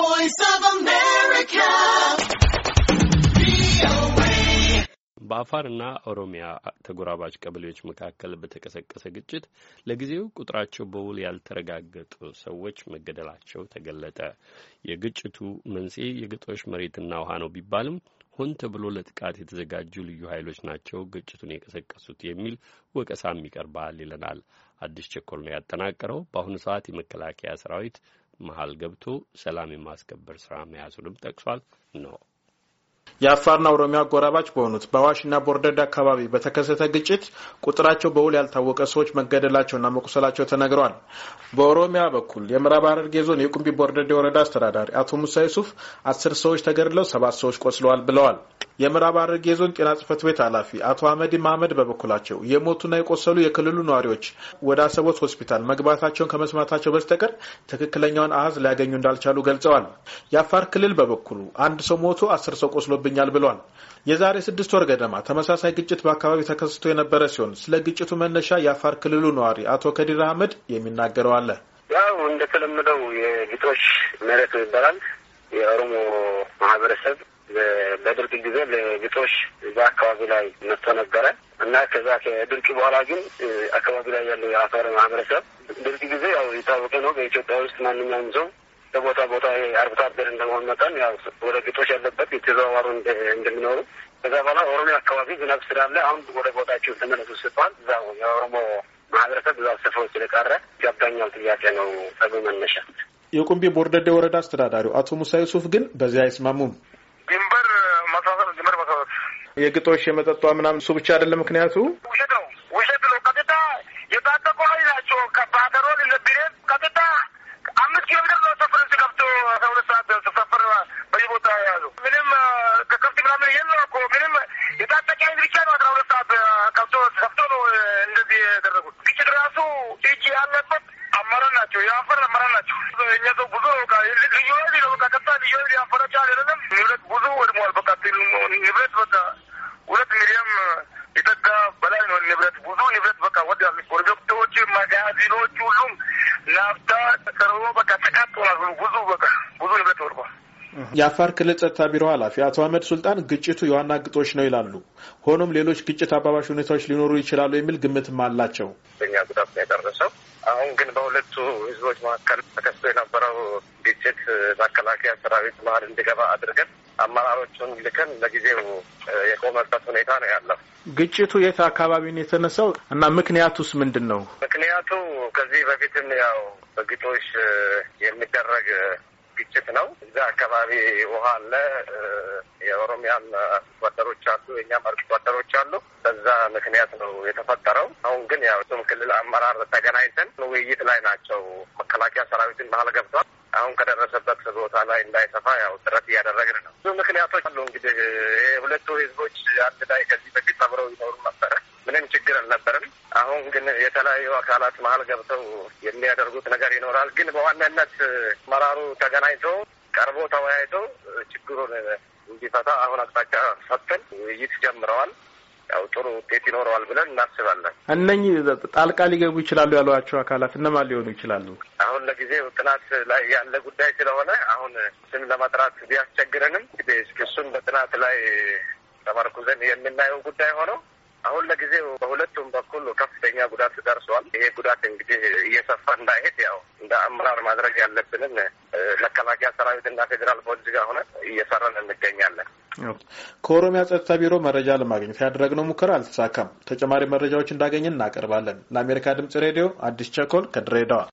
voice of America. በአፋርና ኦሮሚያ ተጎራባች ቀበሌዎች መካከል በተቀሰቀሰ ግጭት ለጊዜው ቁጥራቸው በውል ያልተረጋገጡ ሰዎች መገደላቸው ተገለጠ። የግጭቱ መንስኤ የግጦሽ መሬትና ውሃ ነው ቢባልም ሆን ተብሎ ለጥቃት የተዘጋጁ ልዩ ኃይሎች ናቸው ግጭቱን የቀሰቀሱት የሚል ወቀሳም ይቀርባል ይለናል አዲስ ቸኮል ነው ያጠናቀረው። በአሁኑ ሰዓት የመከላከያ ሰራዊት መሀል ገብቶ ሰላም የማስከበር ስራ መያዙንም ጠቅሷል ነው። የአፋርና ኦሮሚያ አጎራባች በሆኑት በአዋሽና ቦርደድ አካባቢ በተከሰተ ግጭት ቁጥራቸው በውል ያልታወቀ ሰዎች መገደላቸውና መቁሰላቸው ተነግረዋል። በኦሮሚያ በኩል የምዕራብ ሐረርጌ ዞን የቁምቢ ቦርደድ የወረዳ አስተዳዳሪ አቶ ሙሳ ዩሱፍ አስር ሰዎች ተገድለው ሰባት ሰዎች ቆስለዋል ብለዋል። የምዕራብ ሐረርጌ ዞን ጤና ጽፈት ቤት ኃላፊ አቶ አህመድ ማህመድ በበኩላቸው የሞቱና የቆሰሉ የክልሉ ነዋሪዎች ወደ አሰቦት ሆስፒታል መግባታቸውን ከመስማታቸው በስተቀር ትክክለኛውን አሀዝ ሊያገኙ እንዳልቻሉ ገልጸዋል። የአፋር ክልል በበኩሉ አንድ ሰው ሞቶ አስር ሰው ቆስሎብኛል ብሏል። የዛሬ ስድስት ወር ገደማ ተመሳሳይ ግጭት በአካባቢው ተከስቶ የነበረ ሲሆን ስለ ግጭቱ መነሻ የአፋር ክልሉ ነዋሪ አቶ ከዲር አህመድ የሚናገረው አለ። ያው እንደተለመደው የግጦሽ መሬት ይባላል የኦሮሞ ማህበረሰብ በድርቅ ጊዜ ለግጦሽ እዛ አካባቢ ላይ መጥቶ ነበረ እና ከዛ ከድርቅ በኋላ ግን አካባቢ ላይ ያለው የአፈር ማህበረሰብ ድርቅ ጊዜ ያው የታወቀ ነው። በኢትዮጵያ ውስጥ ማንኛውም ሰው ከቦታ ቦታ አርብቶ አደር እንደመሆን መጠን ያው ወደ ግጦሽ ያለበት የተዘዋዋሩ እንደሚኖሩ ከዛ በኋላ ኦሮሚያ አካባቢ ዝናብ ስላለ አሁን ወደ ቦታቸው ተመለሱ ስባል እዛው የኦሮሞ ማህበረሰብ እዛው ስፍሮ ስለቀረ ይገባኛል ጥያቄ ነው ጸብ መነሻ የቁምቢ ቦርደዴ ወረዳ አስተዳዳሪው አቶ ሙሳ ዩሱፍ ግን በዚህ አይስማሙም። ድንበር መሳሰብ ድንበር መሳሰብ የግጦሽ የመጠጧ ምናምን እሱ ብቻ አይደለም ምክንያቱ ውሸት ነው። ውሸት ነው። ቀጥታ የታጠቁ ኃይል ናቸው። ከባተሮል ለቢሬት ቀጥታ አምስት ኪሎ ሜትር ነው ሰፈር ውስጥ ገብቶ አስራ ሁለት ሰዓት ሰፈር በየቦታ ያሉ ምንም ከከብት ምናምን የለ እኮ ምንም የታጠቀ ኃይል ብቻ ነው አስራ ሁለት ሰዓት ከብቶ ሰፍቶ ነው እንደዚህ ያደረጉት። ግጭት ራሱ እጅ ያለበት አመራር ናቸው። የአፈር አመራር ናቸው። እኛ ሰው ብዙ ልዩ ሌሎች ሁሉም ላፍታ ተሰርቦ በቃ ተቃጥሏል። ብዙ የአፋር ክልል ጸጥታ ቢሮ ኃላፊ አቶ አህመድ ሱልጣን ግጭቱ የዋና ግጦሽ ነው ይላሉ። ሆኖም ሌሎች ግጭት አባባሽ ሁኔታዎች ሊኖሩ ይችላሉ የሚል ግምትም አላቸው። እኛ ጉዳት ነው የደረሰው። አሁን ግን በሁለቱ ህዝቦች መካከል ተከስቶ የነበረው ግጭት መከላከያ ሰራዊት መሀል እንዲገባ አድርገን አመራሮቹን ልከን ለጊዜው የቆመበት ሁኔታ ነው ያለው። ግጭቱ የት አካባቢ ነው የተነሳው እና ምክንያቱስ ምንድን ነው? ምክንያቱ ከዚህ በፊትም ያው በግጦሽ የሚደረግ ግጭት ነው። እዛ አካባቢ ውሃ አለ። የኦሮሚያም አርሶአደሮች አሉ፣ የእኛም አርሶአደሮች አሉ። በዛ ምክንያት ነው የተፈጠረው። አሁን ግን ያው እሱም ክልል አመራር ተገናኝተን ውይይት ላይ ናቸው። መከላከያ ሰራዊትን መሀል ገብቷል። አሁን ከደረሰበት ቦታ ላይ እንዳይሰፋ ያው ጥረት እያደረግን ነው። ብዙ ምክንያቶች አሉ እንግዲህ ሁለቱ ህዝቦች አንድ ላይ ከዚህ በፊት አብረው ይኖሩ ነበረ ምንም ችግር አልነበረም። አሁን ግን የተለያዩ አካላት መሀል ገብተው የሚያደርጉት ነገር ይኖራል። ግን በዋናነት መራሩ ተገናኝቶ ቀርቦ ተወያይቶ ችግሩን እንዲፈታ አሁን አቅጣጫ ሰጥተን ውይይት ጀምረዋል። ያው ጥሩ ውጤት ይኖረዋል ብለን እናስባለን። እነኚህ ጣልቃ ሊገቡ ይችላሉ ያሏቸው አካላት እነማን ሊሆኑ ይችላሉ? አሁን ለጊዜው ጥናት ላይ ያለ ጉዳይ ስለሆነ አሁን ስም ለመጥራት ቢያስቸግረንም እሱን በጥናት ላይ ተመርኩዘን የምናየው ጉዳይ ሆነው አሁን ለጊዜው በሁለቱም በኩል ከፍተኛ ጉዳት ደርሷል። ይሄ ጉዳት እንግዲህ እየሰፋ እንዳይሄድ ያው እንደ አመራር ማድረግ ያለብንን መከላከያ ሰራዊትና ፌዴራል ፖሊስ ጋር ሆነ እየሰራን እንገኛለን። ከኦሮሚያ ጸጥታ ቢሮ መረጃ ለማግኘት ያደረግነው ሙከራ አልተሳካም። ተጨማሪ መረጃዎች እንዳገኘን እናቀርባለን። ለአሜሪካ ድምጽ ሬዲዮ አዲስ ቸኮል ከድሬዳዋ